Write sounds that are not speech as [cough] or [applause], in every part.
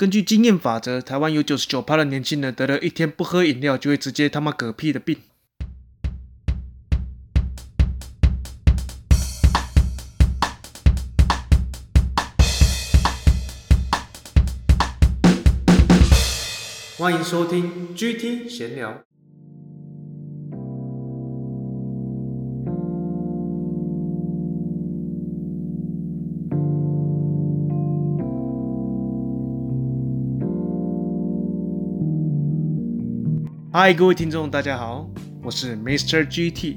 根據經驗法則，台灣有九十九趴的年輕人得了一天不喝飲料，就會直接他媽嗝屁的病。歡迎收聽 GT 閒聊。嗨，各位聽眾，大家好，我是 Mr. GT，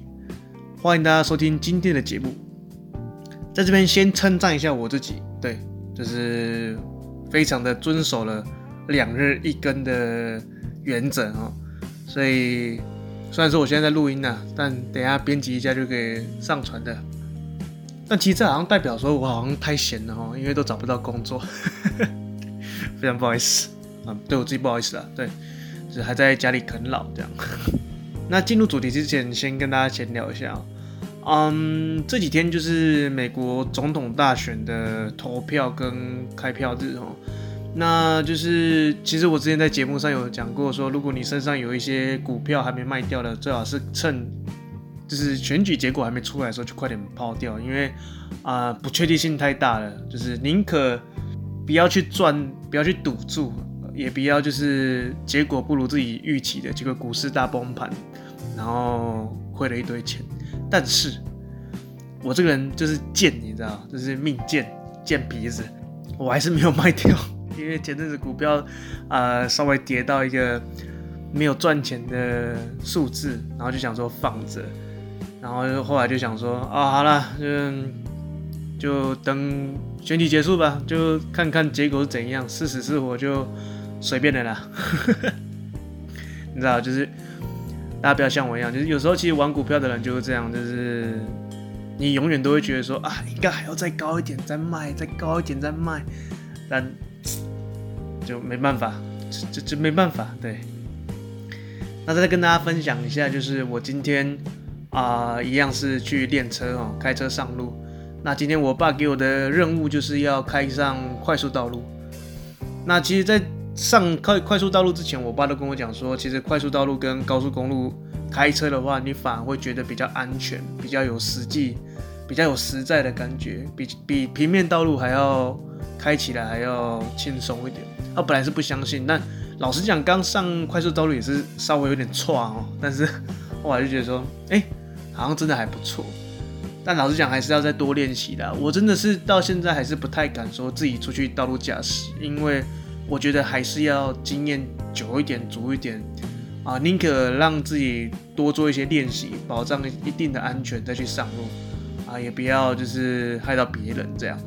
歡迎大家收聽今天的節目。在這邊先稱讚一下我自己，對，就是非常的遵守了兩日一更的原則哦。所以雖然說我現在在錄音呢，但等一下編輯一下就可以上傳的。但其實這好像代表說我好像太閒了哦，因為都找不到工作， [laughs] 非常不好意思啊，對我自己不好意思了，對。還在家裡啃老這樣。 [laughs] 那進入主題之前，先跟大家閒聊一下喔。嗯，這幾天就是美國總統大選的投票跟開票日喔。那就是，其實我之前在節目上有講過說如果你身上有一些股票還沒賣掉的，最好是趁，就是選舉結果還沒出來的時候就快點拋掉，因為啊，不確定性太大了，就是寧可不要去賺，不要去賭注。也不要就是結果不如自己預期的，這個股市大崩盤，然後虧了一堆錢。但是，我這個人就是賤，你知道，就是命賤，賤皮子，我還是沒有賣掉，因為前陣子股票啊、呃、稍微跌到一個沒有賺錢的數字，然後就想說放着，然後就後來就想說啊，好了，就就等選舉結束吧，就看看結果是怎樣，是死是活就。隨便的啦， [laughs] 你知道，就是大家不要像我一樣，就是有時候其實玩股票的人就是這樣，就是你永遠都會覺得說啊，應該還要再高一點再賣，再高一點再賣，但就沒辦法，這這沒辦法，對。那再跟大家分享一下，就是我今天啊、呃，一樣是去練車哦，開車上路。那今天我爸給我的任務就是要開上快速道路。那其實，在上快快速道路之前，我爸都跟我講說，其實快速道路跟高速公路開車的話，你反而會覺得比較安全，比較有實際，比較有實在的感覺，比比平面道路還要開起來還要輕鬆一點啊。我本來是不相信，但老實講，剛上快速道路也是稍微有點挫哦，但是後來就覺得說，哎，好像真的還不錯。但老實講，還是要再多練習的。我真的是到現在還是不太敢說自己出去道路駕駛，因為。我覺得還是要經驗久一點、足一點啊，呃，寧可讓自己多做一些練習，保障一定的安全再去上路啊、呃，也不要就是害到別人這樣。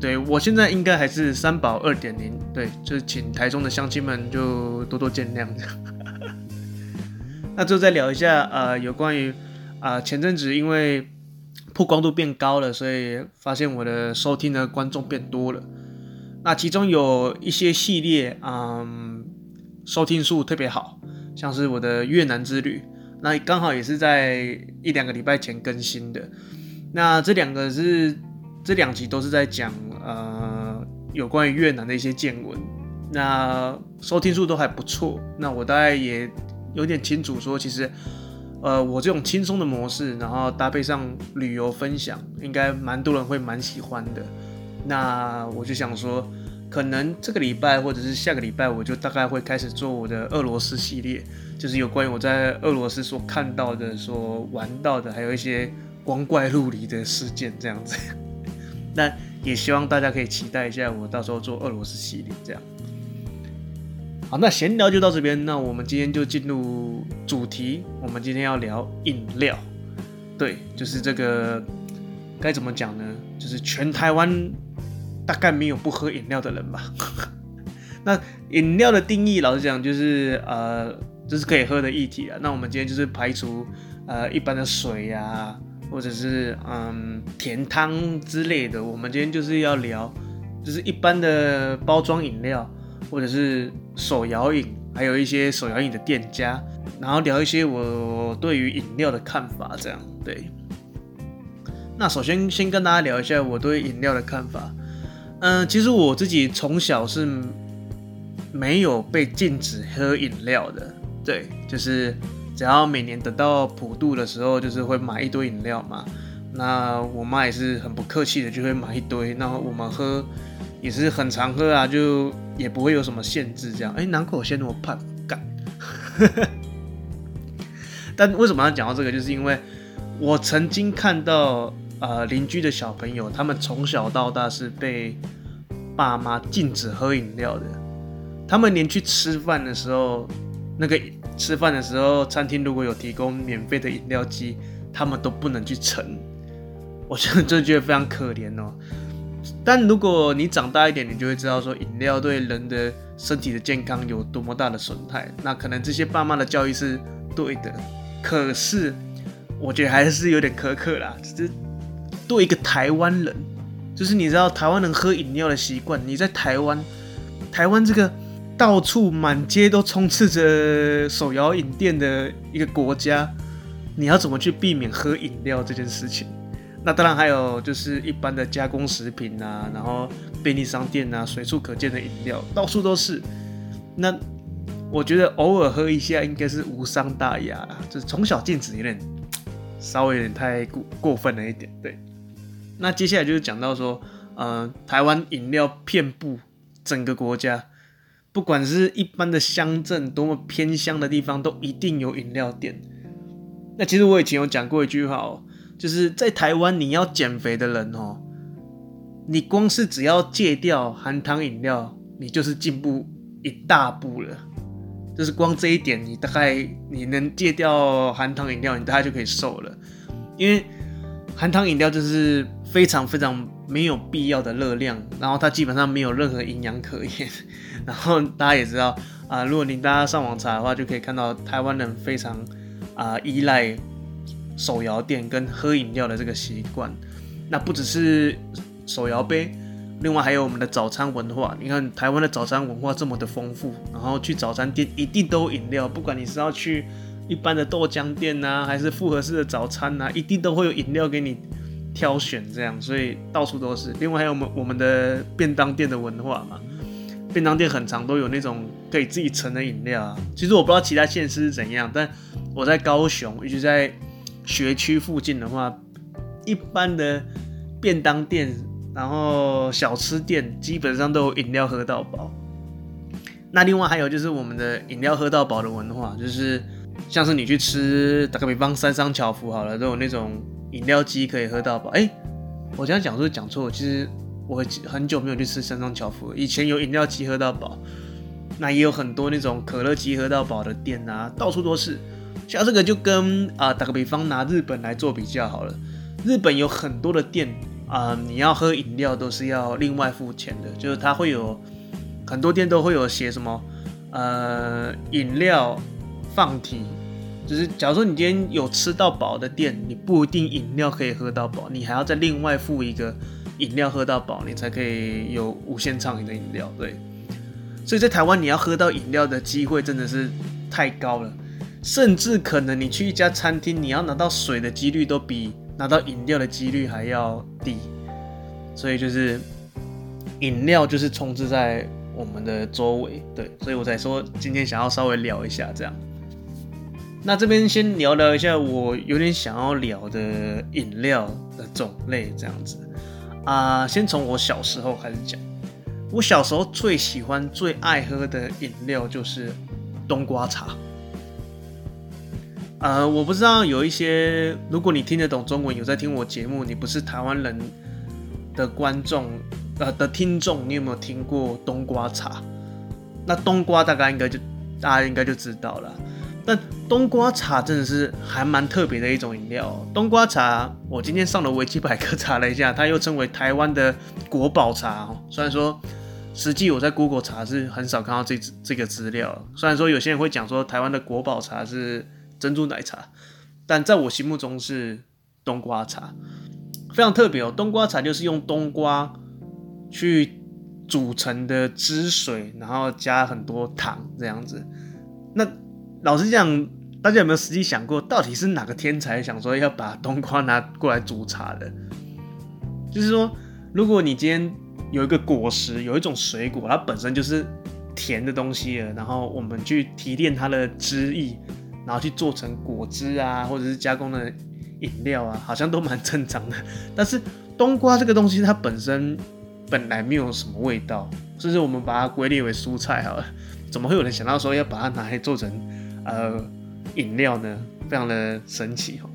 對，我現在應該還是三寶二點零，對，就請台中的鄉親們就多多見諒。 [laughs] 那最後再聊一下啊、呃，有關於啊、呃，前陣子因為曝光度變高了，所以發現我的收聽的觀眾變多了。那其中有一些系列，嗯，收聽數特別好，像是我的越南之旅，那剛好也是在一兩個禮拜前更新的。那這兩個是這兩集都是在講呃，有關於越南的一些見聞，那收聽數都還不錯。那我大概也有點清楚說，說其實呃，我這種輕鬆的模式，然後搭配上旅遊分享，應該蠻多人會蠻喜歡的。那我就想說，可能這個禮拜或者是下個禮拜，我就大概會開始做我的俄羅斯系列，就是有關於我在俄羅斯所看到的、所玩到的，還有一些光怪陸離的事件這樣子。 [laughs] 那也希望大家可以期待一下，我到時候做俄羅斯系列這樣。好，那閒聊就到這邊。那我們今天就進入主題，我們今天要聊飲料。對，就是這個該怎麼講呢？就是全台灣。大概沒有不喝飲料的人吧。 [laughs] 那飲料的定義，老實講就是呃，就是可以喝的液體啊。那我們今天就是排除呃一般的水呀、啊，或者是嗯甜湯之類的。我們今天就是要聊，就是一般的包裝飲料，或者是手搖飲，還有一些手搖飲的店家，然後聊一些我對於飲料的看法。這樣對。那首先先跟大家聊一下我對飲料的看法。嗯，其實我自己從小是沒有被禁止喝飲料的，對，就是只要每年等到普渡的時候，就是會買一堆飲料嘛。那我媽也是很不客氣的，就會買一堆。那我們喝也是很常喝啊，就也不會有什麼限制這樣。哎、欸，難怪我先那麼胖，幹。 [laughs] 但為什麼要講到這個？就是因為我曾經看到。呃，鄰居的小朋友，他們從小到大是被爸媽禁止喝飲料的。他們連去吃飯的時候，那個吃飯的時候，餐廳如果有提供免費的飲料機，他們都不能去盛。我覺得就覺得非常可憐哦。但如果你長大一點，你就會知道說，飲料對人的身體的健康有多麼大的損害。那可能這些爸媽的教育是對的，可是我覺得還是有點苛刻啦，就是對一個台灣人，就是你知道台灣人喝飲料的習慣。你在台灣，台灣這個到處滿街都充斥着手搖飲店的一個國家，你要怎麼去避免喝飲料這件事情？那當然還有就是一般的加工食品啊，然後便利商店啊，隨處可見的飲料，到處都是。那我覺得偶爾喝一下應該是無傷大雅，就是從小禁止有點稍微有點太過過分了一點，對。那接下來就是講到說，呃，台灣飲料遍布整個國家，不管是一般的鄉鎮，多麼偏鄉的地方，都一定有飲料店。那其實我以前有講過一句話哦，就是在台灣，你要減肥的人哦，你光是只要戒掉含糖飲料，你就是進步一大步了。就是光這一點，你大概你能戒掉含糖飲料，你大概就可以瘦了。因為含糖飲料就是。非常非常沒有必要的熱量，然後它基本上沒有任何營養可言。然後大家也知道啊、呃，如果你大家上網查的話，就可以看到台灣人非常啊、呃、依賴手搖店跟喝飲料的這個習慣。那不只是手搖杯，另外還有我們的早餐文化。你看台灣的早餐文化這麼的豐富，然後去早餐店一定都有飲料，不管你是要去一般的豆漿店吶、啊，還是複合式的早餐吶、啊，一定都會有飲料給你。挑選這樣，所以到處都是。另外還有我們我們的便當店的文化嘛，便當店很常，都有那種可以自己盛的飲料啊。其實我不知道其他縣市是怎樣，但我在高雄，尤其在學區附近的話，一般的便當店，然後小吃店，基本上都有飲料喝到飽。那另外還有就是我們的飲料喝到飽的文化，就是像是你去吃，打個比方，三商巧福好了，都有那種。飲料機可以喝到飽？哎、欸，我這樣講是不是講錯？其實我很久沒有去吃三商巧福了。以前有飲料機喝到飽，那也有很多那種可樂機喝到飽的店啊，到處都是。像這個就跟啊，打、呃、個比方拿日本來做比較好了。日本有很多的店啊、呃，你要喝飲料都是要另外付錢的，就是它會有很多店都會有寫什麼呃飲料放題。就是，假如說你今天有吃到飽的店，你不一定飲料可以喝到飽，你還要再另外付一個飲料喝到飽，你才可以有無限暢飲的飲料。對，所以在台灣你要喝到飲料的機會真的是太高了，甚至可能你去一家餐廳，你要拿到水的幾率都比拿到飲料的幾率還要低。所以就是，飲料就是充斥在我們的周圍。對，所以我才說今天想要稍微聊一下這樣。那這邊先聊聊一下，我有點想要聊的飲料的種類這樣子啊，呃，先從我小時候開始講。我小時候最喜歡、最愛喝的飲料就是冬瓜茶。呃，我不知道有一些，如果你聽得懂中文，有在聽我節目，你不是台灣人的觀眾，呃，的聽眾，你有沒有聽過冬瓜茶？那冬瓜大概應該就大家應該就知道了。但冬瓜茶真的是還蠻特別的一種飲料哦。冬瓜茶，我今天上了維基百科查了一下，它又稱為台灣的國寶茶哦。雖然說實際我在 Google 查是很少看到這這個資料。雖然說有些人會講說台灣的國寶茶是珍珠奶茶，但在我心目中是冬瓜茶，非常特別哦。冬瓜茶就是用冬瓜去煮成的汁水，然後加很多糖這樣子。那。老實講，大家有沒有實際想過，到底是哪個天才想說要把冬瓜拿過來煮茶的？就是說，如果你今天有一個果實，有一種水果，它本身就是甜的東西了，然後我們去提煉它的汁液，然後去做成果汁啊，或者是加工的飲料啊，好像都蠻正常的。但是冬瓜這個東西，它本身本來沒有什麼味道，甚至我們把它歸類為蔬菜好了，怎麼會有人想到說要把它拿來做成？呃，飲料呢，非常的神奇哦。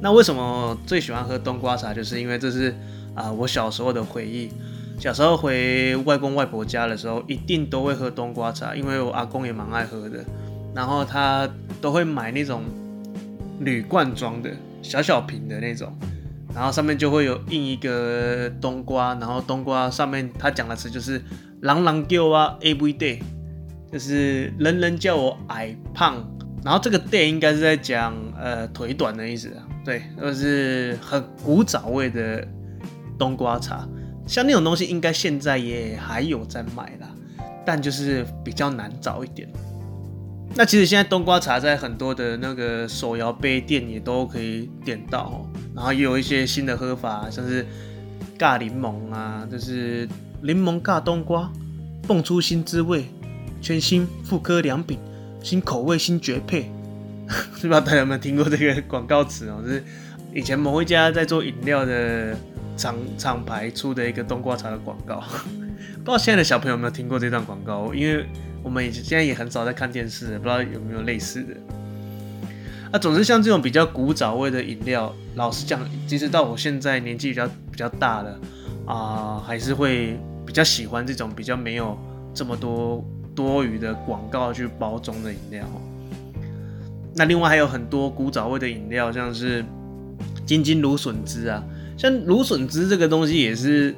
那為什麼最喜歡喝冬瓜茶，就是因為這是啊、呃、我小時候的回憶。小時候回外公外婆家的時候，一定都會喝冬瓜茶，因為我阿公也蠻愛喝的。然後他都會買那種鋁罐裝的、小小瓶的那種，然後上面就會有印一個冬瓜，然後冬瓜上面他講的詞就是朗朗 n g 啊，Every Day。就是人人叫我矮胖，然後這個店應該是在講，呃、腿短的意思啊。對，就是很古早味的冬瓜茶，像那種東西應該現在也還有在賣啦，但就是比較難找一點。那其實現在冬瓜茶在很多的那個手搖杯店也都可以點到，然後也有一些新的喝法，像是尬檸檬啊，就是檸檬尬冬瓜，蹦出新滋味。全新復刻良品，新口味新絕配， [laughs] 不知道大家有沒有聽過這個廣告詞哦、喔？是以前某一家在做飲料的廠廠牌出的一個冬瓜茶的廣告， [laughs] 不知道現在的小朋友有沒有聽過這段廣告？因為我們以前現在也很少在看電視，不知道有沒有類似的。啊、總之像這種比較古早味的飲料，老實講，其實到我現在年紀比較比較大了啊、呃，還是會比較喜歡這種比較沒有這麼多。多餘的廣告去包裝的飲料，那另外還有很多古早味的飲料，像是金金蘆筍汁啊，像蘆筍汁這個東西也是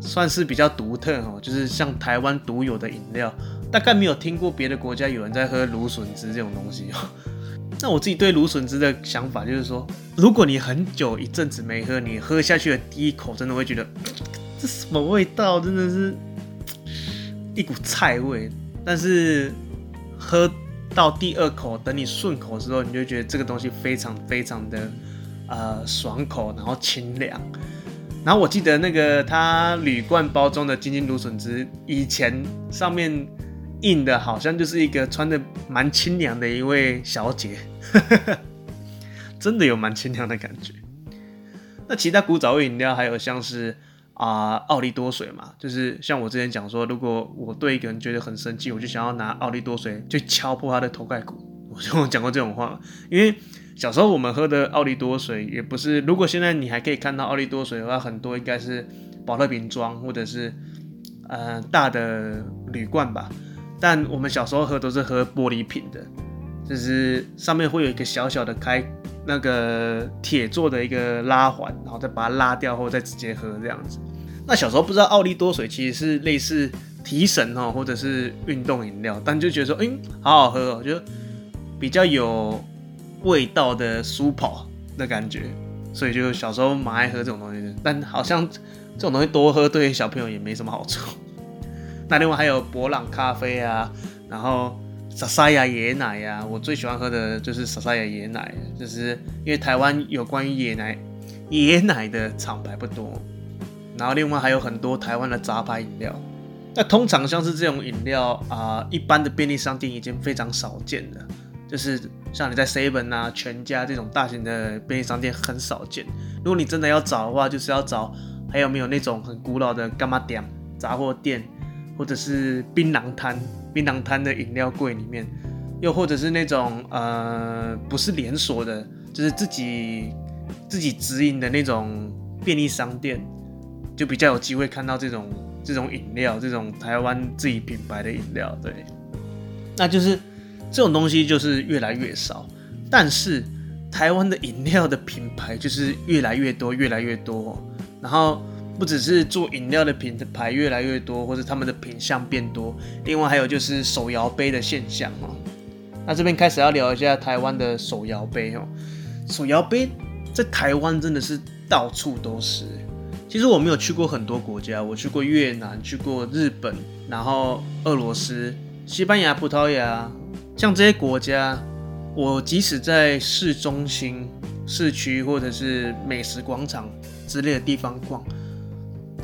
算是比較獨特哦，就是像台灣獨有的飲料，大概沒有聽過別的國家有人在喝蘆筍汁這種東西哦。那我自己對蘆筍汁的想法就是說，如果你很久一陣子沒喝，你喝下去的第一口真的會覺得，這什麼味道？真的是一股菜味。但是喝到第二口，等你順口的時候，你就覺得這個東西非常非常的呃爽口，然後清涼。然後我記得那個它鋁罐包裝的津津蘆筍汁，以前上面印的好像就是一個穿得蠻清涼的一位小姐， [laughs] 真的有蠻清涼的感覺。那其他古早味飲料還有像是。啊、呃，奧利多水嘛，就是像我之前講說，如果我對一個人覺得很生氣，我就想要拿奧利多水去敲破他的頭蓋骨，我講過這種話。因為小時候我們喝的奧利多水也不是，如果現在你還可以看到奧利多水的話，很多應該是寶特瓶裝或者是呃大的鋁罐吧，但我們小時候喝都是喝玻璃瓶的，就是上面會有一個小小的開。那個鐵做的一個拉環，然後再把它拉掉，或再直接喝這樣子。那小時候不知道奧利多水其實是類似提神哦、喔，或者是運動飲料，但就覺得說，嗯、欸，好好喝、喔，哦，就比較有味道的舒跑的感覺，所以就小時候蠻愛喝這種東西。但好像這種東西多喝對小朋友也沒什麼好處。那另外還有伯朗咖啡啊，然後。莎莎亞椰奶呀、啊，我最喜歡喝的就是莎莎亞椰奶，就是因為台灣有關於椰奶、椰奶的廠牌不多，然後另外還有很多台灣的雜牌飲料。那通常像是這種飲料啊、呃，一般的便利商店已經非常少見了，就是像你在 seven 啊、全家這種大型的便利商店很少見。如果你真的要找的話，就是要找還有沒有那種很古老的柑仔店雜貨店。或者是檳榔攤、檳榔攤的飲料櫃裡面，又或者是那種呃，不是連鎖的，就是自己自己直營的那種便利商店，就比較有機會看到這種這種飲料、這種台灣自己品牌的飲料。對，那就是這種東西就是越來越少，但是台灣的飲料的品牌就是越來越多、越來越多，然後。不只是做飲料的品牌越來越多，或者他們的品項變多，另外還有就是手搖杯的現象哦。那這邊開始要聊一下台灣的手搖杯哦。手搖杯在台灣真的是到處都是。其實我沒有去過很多國家，我去過越南，去過日本，然後俄羅斯、西班牙、葡萄牙，像這些國家，我即使在市中心、市區或者是美食廣場之類的地方逛。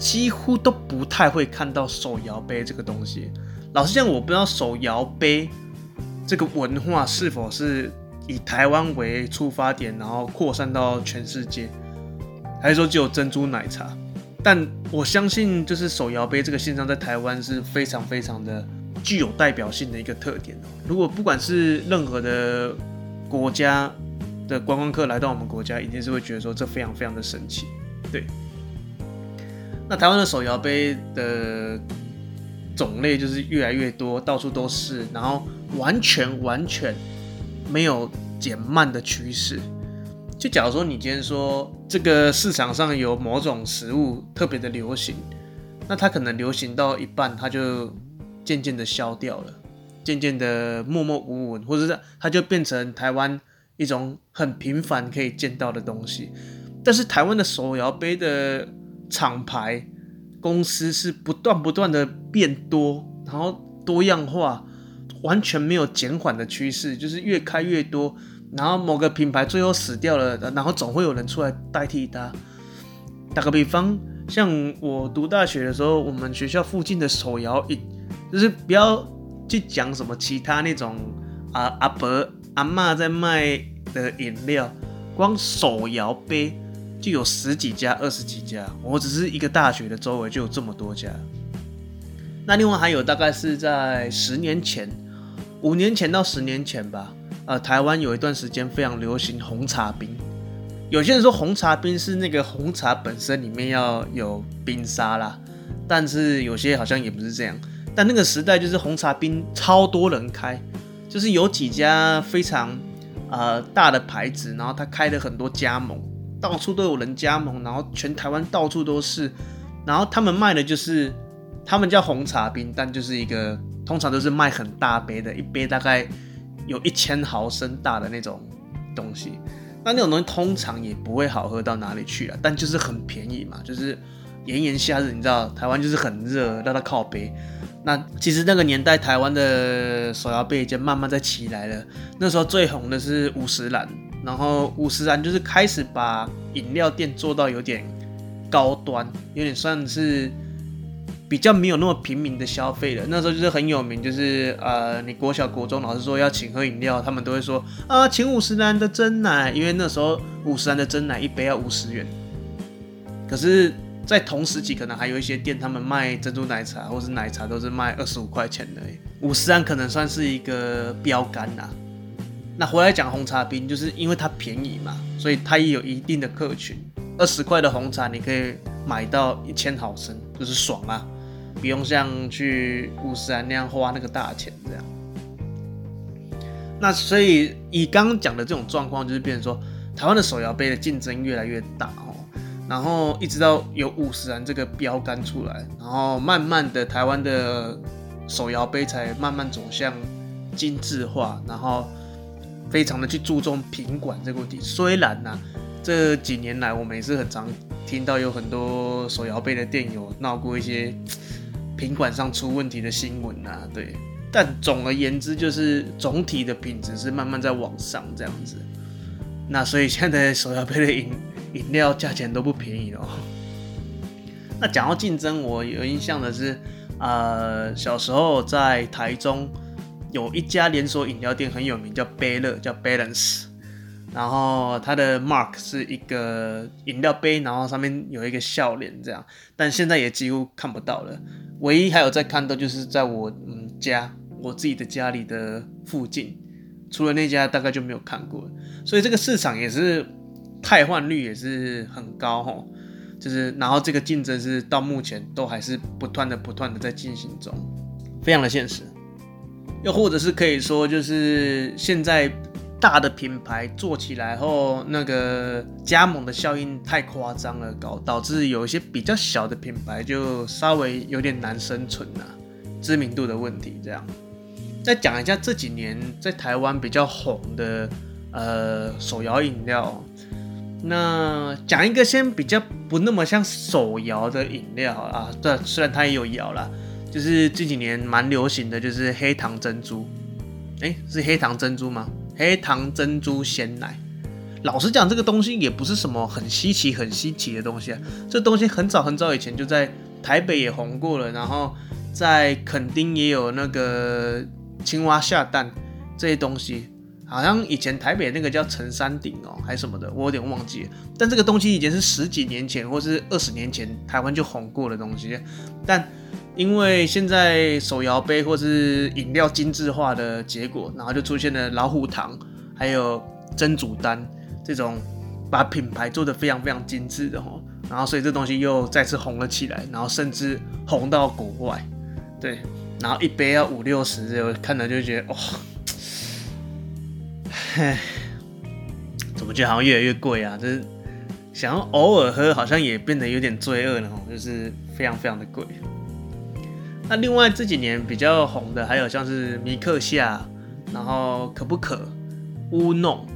幾乎都不太會看到手搖杯這個東西。老實講，我不知道手搖杯這個文化是否是以台灣為出發點，然後擴散到全世界，還是說只有珍珠奶茶。但我相信，就是手搖杯這個現象在台灣是非常非常的具有代表性的一個特點哦。如果不管是任何的國家的觀光客來到我們國家，一定是會覺得說，這非常非常的神奇，對。那台灣的手搖杯的種類就是越來越多，到處都是，然後完全完全沒有減慢的趨勢。就假如說你今天說這個市場上有某種食物特別的流行，那它可能流行到一半，它就漸漸的消掉了，漸漸的默默無聞，或者是它就變成台灣一種很平凡可以見到的東西。但是台灣的手搖杯的。廠牌公司是不斷不斷的變多，然後多樣化，完全沒有減緩的趨勢，就是越開越多。然後某個品牌最後死掉了，然後總會有人出來代替它。打個比方，像我讀大學的時候，我們學校附近的手搖飲，就是不要去講什麼其他那種、啊、阿阿伯阿嬤在賣的飲料，光手搖杯，就有十幾家、二十幾家，我只是一個大學的周圍就有這麼多家。那另外還有，大概是在十年前、五年前到十年前吧。呃，台灣有一段時間非常流行紅茶冰，有些人說紅茶冰是那個紅茶本身裡面要有冰沙啦，但是有些好像也不是這樣。但那個時代就是紅茶冰超多人開，就是有幾家非常，呃，大的牌子，然後他開了很多加盟。到處都有人加盟，然後全台灣到處都是，然後他們賣的就是，他們叫紅茶冰，但就是一個通常都是賣很大杯的，一杯大概有一千毫升大的那種東西。那那種東西通常也不會好喝到哪裡去啊，但就是很便宜嘛，就是炎炎夏日，你知道台灣就是很熱，讓它靠杯。那其實那個年代台灣的手搖杯已經慢慢在起來了，那時候最紅的是五十嵐。然後五十嵐就是開始把飲料店做到有點高端，有點算是比較沒有那麼平民的消費了。那時候就是很有名，就是呃，你國小國中老師說要請喝飲料，他們都會說啊，請五十嵐的珍奶，因為那時候五十嵐的珍奶一杯要五十元。可是，在同時期可能還有一些店，他們賣珍珠奶茶或者是奶茶都是賣二十五塊錢的。五十嵐可能算是一個標杆吶、啊。那回來講紅茶冰，就是因為它便宜嘛，所以它也有一定的客群。二十塊的紅茶，你可以買到一千毫升，就是爽啊，不用像去五十嵐那樣花那個大錢這樣。那所以以剛講的這種狀況，就是變成說，台灣的手搖杯的競爭越來越大哦、喔，然後一直到有五十嵐這個標杆出來，然後慢慢的台灣的手搖杯才慢慢走向精緻化，然後。非常的去注重品管這個問題，雖然呢，啊，這幾年來我們也是很常聽到有很多手搖杯的店有鬧過一些品管上出問題的新聞啊，對，但總而言之就是總體的品質是慢慢在往上這樣子。那所以現在手搖杯的飲飲料價錢都不便宜哦。那講到競爭，我有印象的是，呃，小時候在台中。有一家連鎖飲料店很有名，叫貝樂，叫 Balance。然後它的 mark 是一個飲料杯，然後上面有一個笑臉這樣。但現在也幾乎看不到了，唯一還有在看到就是在我嗯家，我自己的家裡的附近，除了那家大概就沒有看過。所以這個市場也是汰換率也是很高哦，就是然後這個競爭是到目前都還是不斷的不斷的在進行中，非常的現實。又或者是可以說，就是現在大的品牌做起來後，那個加盟的效應太誇張了，搞導致有一些比較小的品牌就稍微有點難生存吶、啊，知名度的問題。這樣再講一下這幾年在台灣比較紅的呃手搖飲料，那講一個先比較不那麼像手搖的飲料啊，這雖然它也有搖啦。就是這幾年蠻流行的就是黑糖珍珠，哎，是黑糖珍珠嗎？黑糖珍珠鮮奶。老實講，這個東西也不是什麼很稀奇、很稀奇的東西啊。這東西很早很早以前就在台北也紅過了，然後在墾丁也有那個青蛙下蛋這些東西，好像以前台北那個叫陳三鼎哦，還是什麼的，我有點忘記了。但這個東西以前是十幾年前或是二十年前台灣就紅過的東西，但。因為現在手搖杯或是飲料精致化的結果，然後就出現了老虎堂，還有珍煮丹這種把品牌做得非常非常精致的哦，然後所以這東西又再次紅了起來，然後甚至紅到國外，對，然後一杯要五六十，我看了就覺得哇、哦，唉，怎麼覺得好像越來越貴啊？就是想要偶爾喝，好像也變得有點罪惡了哦，就是非常非常的貴。那另外這幾年比較紅的還有像是迷客夏，然後可不可、烏弄，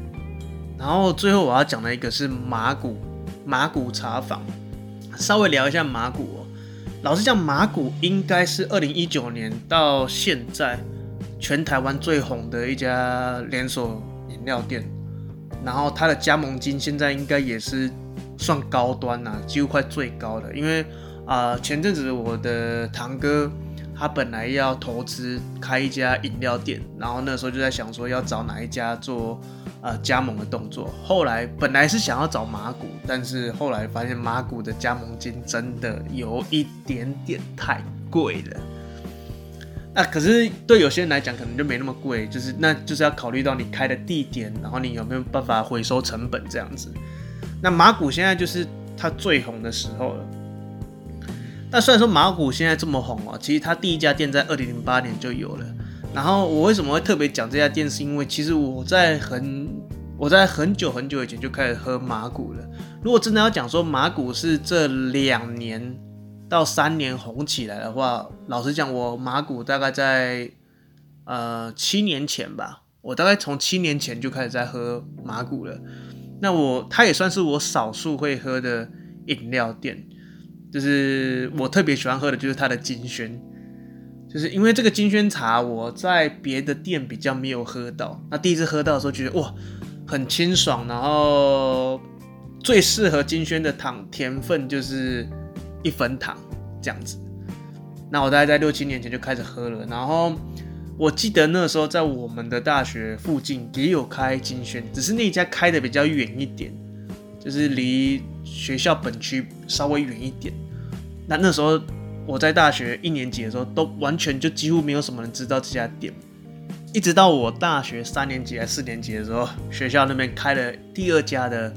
然後最後我要講的一個是麻古，麻古茶坊，稍微聊一下麻古。喔。老實講，麻古應該是二零一九年到現在全台灣最紅的一家連鎖飲料店，然後它的加盟金現在應該也是算高端吶、啊，幾乎快最高的，因為啊、呃、前陣子我的堂哥，他本來要投資開一家飲料店，然後那時候就在想說要找哪一家做呃加盟的動作。後來本來是想要找麻古，但是後來發現麻古的加盟金真的有一點點太貴了。那、啊、可是對有些人來講可能就沒那麼貴，就是那就是要考慮到你開的地點，然後你有沒有辦法回收成本這樣子。那麻古現在就是它最紅的時候了。那雖然說麻古現在這麼紅哦、啊，其實它第一家店在二零零八年就有了。然後我為什麼會特別講這家店，是因為其實我在很我在很久很久以前就開始喝麻古了。如果真的要講說麻古是這兩年到三年紅起來的話，老實講，我麻古大概在呃七年前吧，我大概從七年前就開始在喝麻古了。那我它也算是我少數會喝的飲料店。就是我特別喜歡喝的，就是它的金萱，就是因為這個金萱茶，我在別的店比較沒有喝到。那第一次喝到的時候，覺得哇，很清爽，然後最適合金萱的糖甜分就是一分糖這樣子。那我大概在六七年前就開始喝了，然後我記得那時候在我們的大學附近也有開金萱，只是那一家開的比較遠一點。就是離學校本區稍微遠一點。那那時候我在大學一年級的時候，都完全就幾乎沒有什麼人知道這家店。一直到我大學三年級還四年級的時候，學校那邊開了第二家的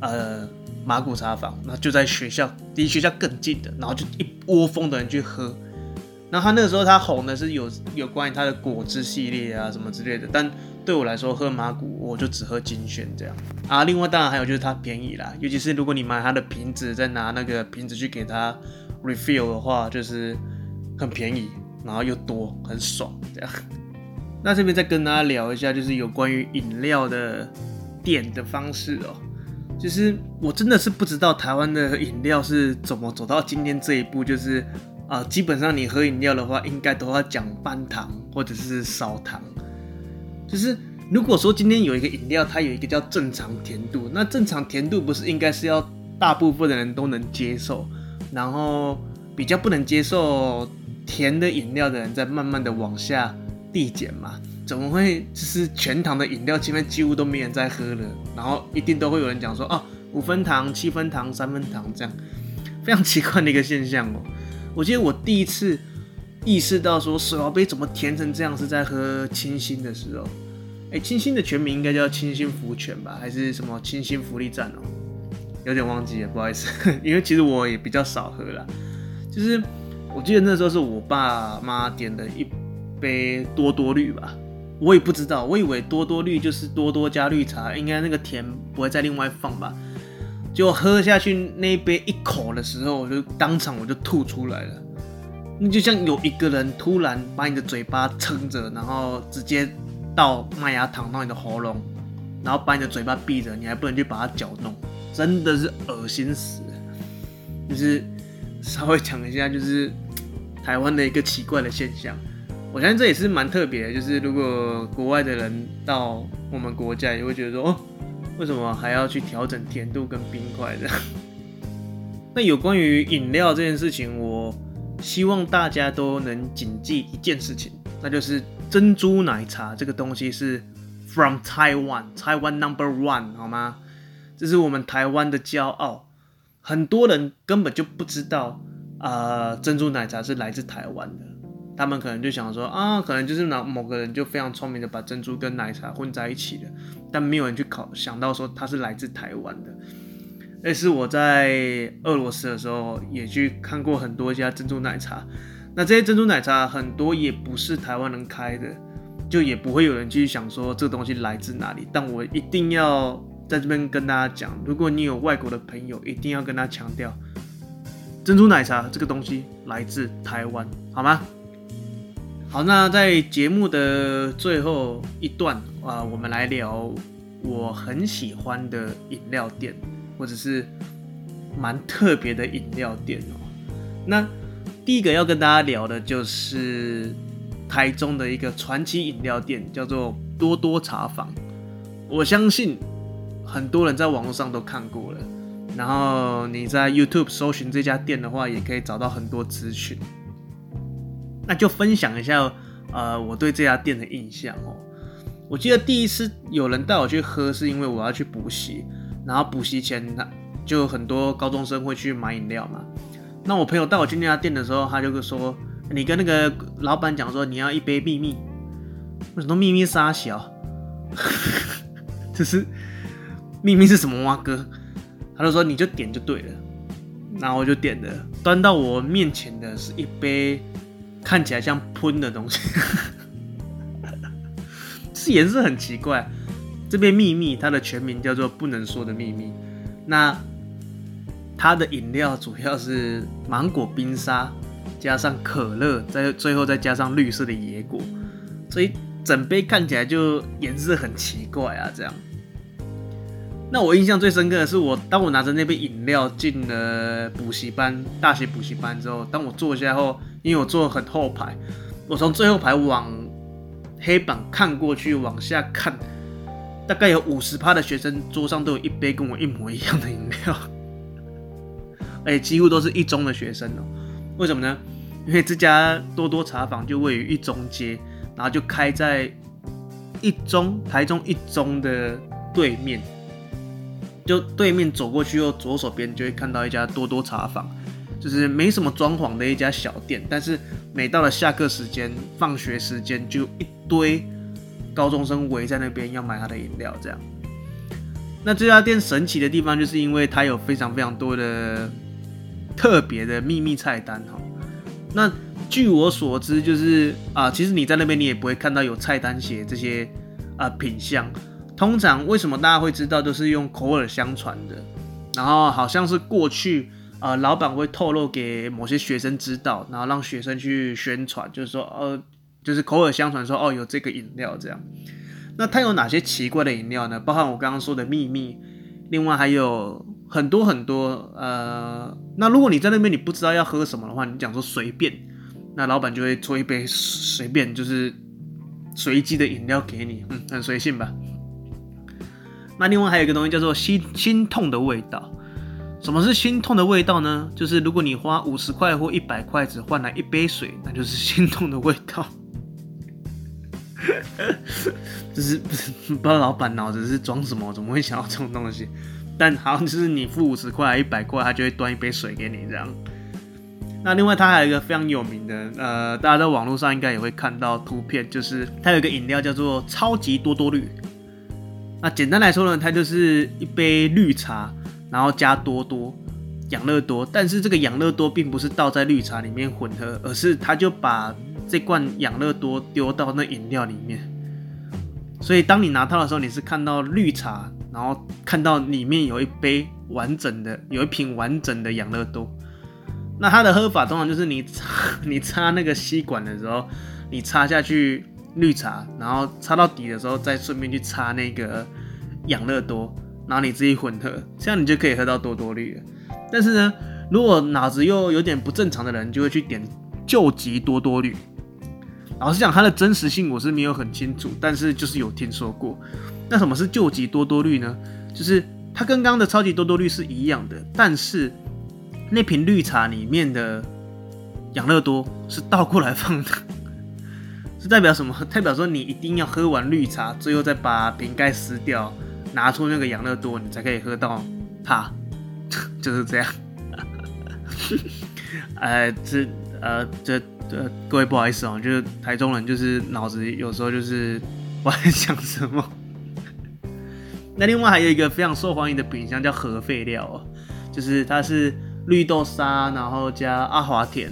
呃麻古茶坊，那就在學校離學校更近的，然後就一窩蜂的人去喝。那他那個時候他紅的是有有關於他的果汁系列啊什麼之類的，但對我來說喝麻古我就只喝金萱這樣啊。另外當然還有就是它便宜啦，尤其是如果你買它的瓶子，再拿那個瓶子去給它 refill 的話，就是很便宜，然後又多，很爽這樣。那這邊再跟大家聊一下，就是有關於飲料的點的方式哦。其實就是我真的是不知道台灣的飲料是怎麼走到今天這一步，就是。啊、呃，基本上你喝飲料的話，應該都要講半糖或者是少糖。就是如果說今天有一個飲料，它有一個叫正常甜度，那正常甜度不是應該是要大部分的人都能接受，然後比較不能接受甜的飲料的人在慢慢的往下遞減嘛？怎麼會就是全糖的飲料前面幾乎都沒人在喝了，然後一定都會有人講說哦、啊，五分糖、七分糖、三分糖這樣，非常奇怪的一個現象哦。我記得我第一次意識到說手搖杯怎麼甜成這樣，是在喝清心的時候。哎，清心的全名應該叫清心福全吧，還是什麼清心福利站哦？有點忘記了，不好意思。 [laughs] 因為其實我也比較少喝啦。就是我記得那時候是我爸媽點的一杯多多綠吧，我也不知道，我以為多多綠就是多多加綠茶，應該那個甜不會再另外放吧。就喝下去那一杯一口的時候，我就當場我就吐出來了。那就像有一個人突然把你的嘴巴撐着，然後直接倒麥芽糖到你的喉嚨，然後把你的嘴巴閉着，你還不能去把它攪動，真的是噁心死。就是稍微講一下，就是台灣的一個奇怪的現象，我相信這也是蠻特別的。就是如果國外的人到我們國家，也會覺得說哦。為什麼還要去調整甜度跟冰塊呢？ [laughs] 那有關於飲料這件事情，我希望大家都能謹記一件事情，那就是珍珠奶茶這個東西是 from Taiwan，Taiwan Taiwan number one，好嗎？這是我們台灣的驕傲。很多人根本就不知道啊、呃，珍珠奶茶是來自台灣的，他們可能就想說啊，可能就是哪某個人就非常聰明的把珍珠跟奶茶混在一起的。但沒有人去考想到說它是來自台灣的，而是我在俄羅斯的時候也去看過很多家珍珠奶茶，那這些珍珠奶茶很多也不是台灣人開的，就也不會有人去想說這個東西來自哪裡。但我一定要在這邊跟大家講，如果你有外國的朋友，一定要跟他強調，珍珠奶茶這個東西來自台灣，好嗎？好，那在節目的最後一段啊、呃，我們來聊我很喜歡的飲料店，或者是蠻特別的飲料店哦、喔。那第一個要跟大家聊的就是台中的一個傳奇飲料店，叫做多多茶坊。我相信很多人在網絡上都看過了，然後你在 YouTube 搜尋這家店的話，也可以找到很多資訊。那就分享一下，呃，我對這家店的印象哦。我記得第一次有人帶我去喝，是因為我要去補習，然後補習前，他就很多高中生會去買飲料嘛。那我朋友帶我去那家店的時候，他就會說：“你跟那個老闆講說你要一杯秘密，為什麼秘密殺小， [laughs] 這是秘密是什麼碗糕？”他就說：“你就點就對了。”然後我就點了，端到我面前的是一杯。看起來像噴的東西， [laughs] 是顏色很奇怪啊。這杯秘密，它的全名叫做“不能說的秘密”。那它的飲料主要是芒果冰沙，加上可樂，最後再加上綠色的野果，所以整杯看起來就顏色很奇怪啊。這樣。那我印象最深刻的是，我當我拿着那杯飲料進了補習班，大學補習班之後，當我坐下後。因為我坐很後排，我從最後排往黑板看過去，往下看，大概有五十趴的學生桌上都有一杯跟我一模一樣的飲料， [laughs] 而且幾乎都是一中的學生哦、喔。為什麼呢？因為這家多多茶坊就位於一中街，然後就開在一中，台中一中的對面，就對面走過去，又左手邊就會看到一家多多茶坊。就是沒什麼裝潢的一家小店，但是每到了下課時間、放學時間，就一堆高中生圍在那邊要買他的飲料。這樣，那這家店神奇的地方就是因為它有非常非常多的特別的秘密菜單哈。那據我所知，就是啊，其實你在那邊你也不會看到有菜單寫這些啊品項。通常為什麼大家會知道，都是用口耳相傳的。然後好像是過去。啊、呃，老闆會透露給某些學生知道，然後讓學生去宣傳，就是說，呃、哦，就是口耳相傳說，哦，有這個飲料這樣。那它有哪些奇怪的飲料呢？包含我剛剛說的秘密，另外還有很多很多，呃，那如果你在那邊你不知道要喝什麼的話，你講說隨便，那老闆就會做一杯隨便就是隨機的飲料給你，嗯，很隨性吧。那另外還有一個東西叫做心心痛的味道。什麼是心痛的味道呢？就是如果你花五十塊或一百塊只換來一杯水，那就是心痛的味道。 [laughs] 就是，不是，不知道老闆腦子是裝什麼，怎麼會想到這種東西？但好像就是你付五十塊、一百塊，他就會端一杯水給你這樣。那另外，它還有一個非常有名的，呃，大家在網絡上應該也會看到圖片，就是它有一個飲料叫做“超級多多綠”。那簡單來說呢，它就是一杯綠茶。然後加多多養樂多，但是這個養樂多並不是倒在綠茶裡面混合，而是他就把這罐養樂多丟到那飲料裡面。所以當你拿它的時候，你是看到綠茶，然後看到裡面有一杯完整的，有一瓶完整的養樂多。那它的喝法通常就是你插你插那個吸管的時候，你插下去綠茶，然後插到底的時候再順便去插那個養樂多。拿你自己混合，這樣你就可以喝到多多綠了。但是呢，如果腦子又有點不正常的人，就會去點救急多多綠。老實講，它的真實性我是沒有很清楚，但是就是有聽說過。那什麼是救急多多綠呢？就是它跟剛剛的超級多多綠是一樣的，但是那瓶綠茶裡面的養樂多是倒過來放的， [laughs] 是代表什麼？代表說你一定要喝完綠茶，最後再把瓶蓋撕掉。拿出那個養樂多，你才可以喝到它， [laughs] 就是這樣。哎，這呃，這呃，呃，各位不好意思哦，就是台中人就是腦子有時候就是不愛想什麼。 [laughs] 那另外還有一個非常受歡迎的品項，叫核廢料喔，就是它是綠豆沙，然後加阿華田，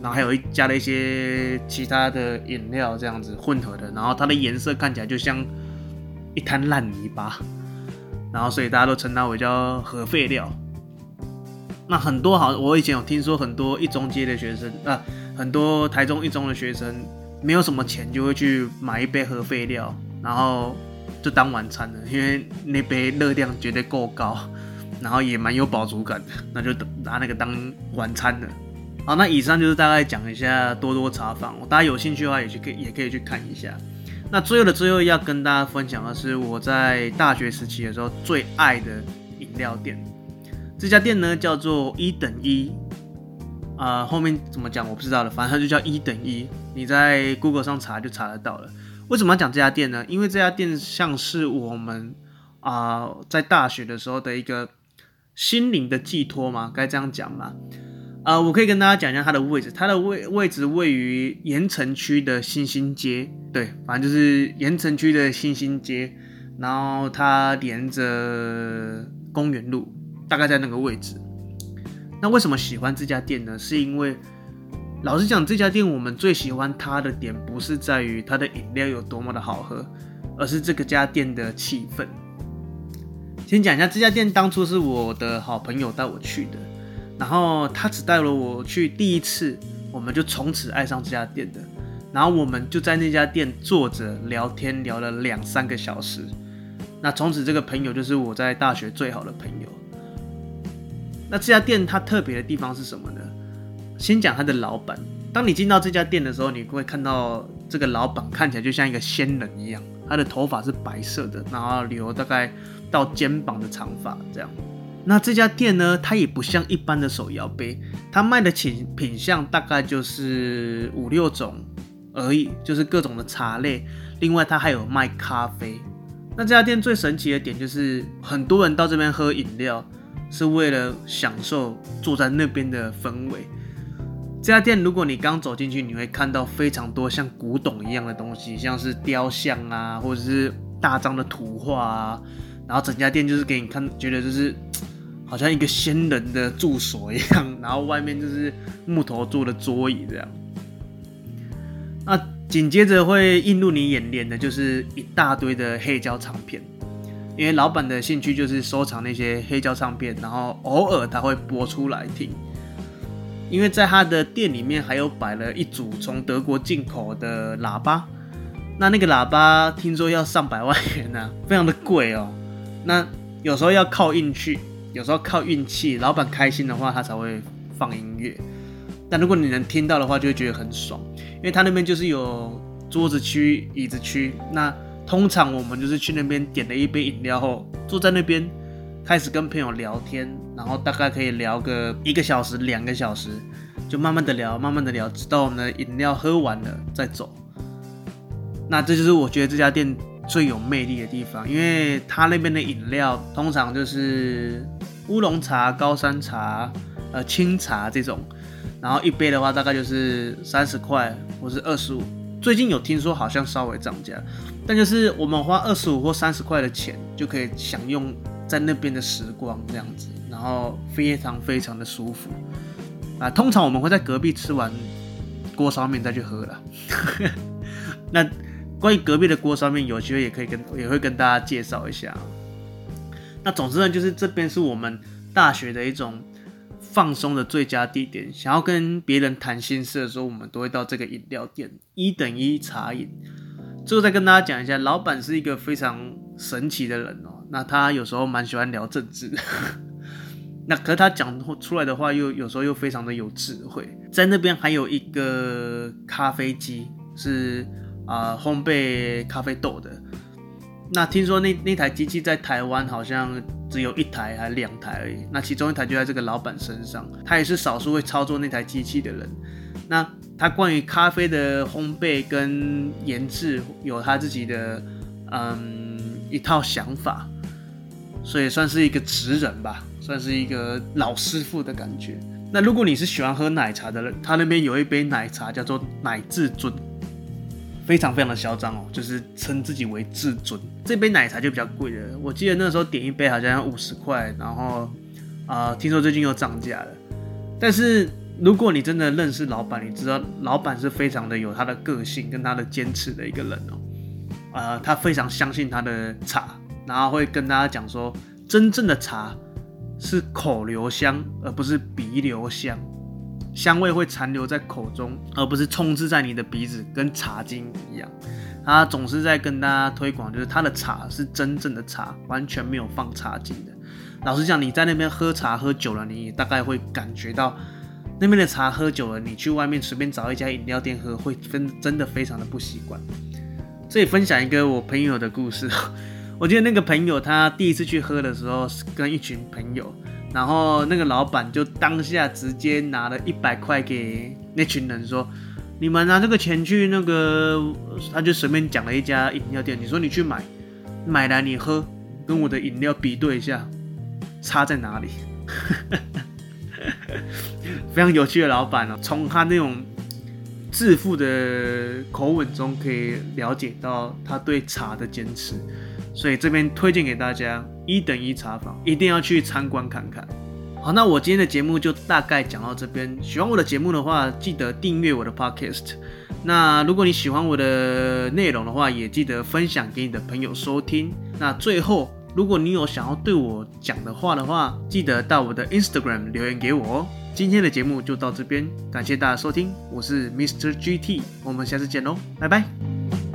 然後還有一加了一些其他的飲料這樣子混合的，然後它的顏色看起來就像一灘爛泥巴。然後，所以大家都稱它為叫核廢料。那很多好，我以前有聽說很多一中街的學生啊、呃，很多台中一中的學生，沒有什麼錢就會去買一杯核廢料，然後就當晚餐了，因為那杯熱量絕對夠高，然後也蠻有飽足感的，那就拿那個當晚餐的。好，那以上就是大概講一下多多茶坊，大家有興趣的話也去可以也可以去看一下。那最後的最後，要跟大家分享的是我在大學時期的時候最愛的飲料店。這家店呢叫做一等一，啊、呃，後面怎麼講我不知道了，反正它就叫一等一。你在 Google 上查就查得到了。為什麼要講這家店呢？因為這家店像是我們啊、呃、在大學的時候的一個心靈的寄託嘛，該這樣講嘛。呃，我可以跟大家講一下它的位置，它的位位置位於鹽埕區的新興街，對，反正就是鹽埕區的新興街，然後它連着公園路，大概在那個位置。那為什麼喜歡這家店呢？是因為，老實講，這家店我們最喜歡它的點不是在於它的飲料有多麼的好喝，而是這個家店的氣氛。先講一下這家店當初是我的好朋友帶我去的。然後他只帶了我去第一次，我們就從此愛上這家店的。然後我們就在那家店坐着聊天，聊了兩三個小時。那從此這個朋友就是我在大學最好的朋友。那這家店它特別的地方是什麼呢？先講他的老闆。當你進到這家店的時候，你會看到這個老闆看起來就像一個仙人一樣，他的頭髮是白色的，然後留大概到肩膀的長髮這樣。那這家店呢，它也不像一般的手搖杯，它賣的品品項大概就是五六種而已，就是各種的茶類。另外，它還有賣咖啡。那這家店最神奇的點就是，很多人到這邊喝飲料，是為了享受坐在那邊的氛圍。這家店，如果你剛走進去，你會看到非常多像古董一樣的東西，像是雕像啊，或者是大張的圖畫啊，然後整家店就是給你看，覺得就是。好像一個仙人的住所一樣，然後外面就是木頭做的桌椅這樣。那緊接着會映入你眼簾的，就是一大堆的黑膠唱片，因為老闆的興趣就是收藏那些黑膠唱片，然後偶爾他會播出來聽。因為在他的店裡面還有擺了一組從德國進口的喇叭，那那個喇叭聽說要上百萬元呢、啊，非常的貴哦。那有時候要靠運氣。有時候靠運氣，老闆開心的話，他才會放音樂。但如果你能聽到的話，就會覺得很爽，因為他那邊就是有桌子區、椅子區。那通常我們就是去那邊點了一杯飲料後，坐在那邊開始跟朋友聊天，然後大概可以聊個一個小時、兩個小時，就慢慢的聊、慢慢的聊，直到我們的飲料喝完了再走。那這就是我覺得這家店，最有魅力的地方，因為它那邊的飲料通常就是烏龍茶、高山茶、呃清茶這種，然後一杯的話大概就是三十塊或是二十五。最近有聽說好像稍微漲價，但就是我們花二十五或三十塊的錢就可以享用在那邊的時光這樣子，然後非常非常的舒服啊。通常我們會在隔壁吃完鍋燒麵再去喝了， [laughs] 那。關於隔壁的鍋上面，有機會也可以跟也會跟大家介紹一下。那總之呢，就是這邊是我們大學的一種放鬆的最佳地點。想要跟別人談心事的時候，我們都會到這個飲料店，一等一茶飲。最後再跟大家講一下，老闆是一個非常神奇的人哦。那他有時候蠻喜歡聊政治， [laughs] 那可是他講出來的話又有時候又非常的有智慧。在那邊還有一個咖啡機是。啊、呃，烘焙咖啡豆的。那聽說那那台機器在台灣好像只有一台還兩台而已。那其中一台就在這個老闆身上，他也是少數會操作那台機器的人。那他關於咖啡的烘焙跟研製有他自己的嗯一套想法，所以算是一個職人吧，算是一個老師傅的感覺。那如果你是喜歡喝奶茶的人，他那邊有一杯奶茶叫做奶至尊。非常非常的囂張哦，就是稱自己為至尊。這杯奶茶就比較貴了，我記得那時候點一杯好像要五十塊，然後啊、呃，聽說最近又漲價了。但是如果你真的認識老闆，你知道老闆是非常的有他的個性跟他的堅持的一個人哦、喔，啊、呃，他非常相信他的茶，然後會跟大家講說，真正的茶是口留香，而不是鼻留香。香味會殘留在口中，而不是充斥在你的鼻子，跟茶精一樣。他總是在跟大家推廣，就是他的茶是真正的茶，完全沒有放茶精的。老實講，你在那邊喝茶喝久了，你也大概會感覺到那邊的茶喝久了，你去外面隨便找一家飲料店喝，會真的，真的非常的不習慣。這裡分享一個我朋友的故事，我記得那個朋友他第一次去喝的時候，是跟一群朋友。然後那個老板就當下直接拿了一百塊給那群人說：“你們拿這個錢去那個……”他就隨便講了一家飲料店，你說你去買，買來你喝，跟我的飲料比對一下，差在哪裡？ [laughs] 非常有趣的老板哦，從他那種自負的口吻中可以了解到他對茶的堅持。所以這邊推薦給大家一等一茶坊一定要去參觀看看。好，那我今天的節目就大概講到這邊。喜歡我的節目的話，記得訂閱我的 Podcast。那如果你喜歡我的內容的話，也記得分享給你的朋友收聽。那最後，如果你有想要對我講的話的話，記得到我的 Instagram 留言給我哦。今天的節目就到這邊，感謝大家收聽，我是 Mr. GT，我們下次見嘍，拜拜。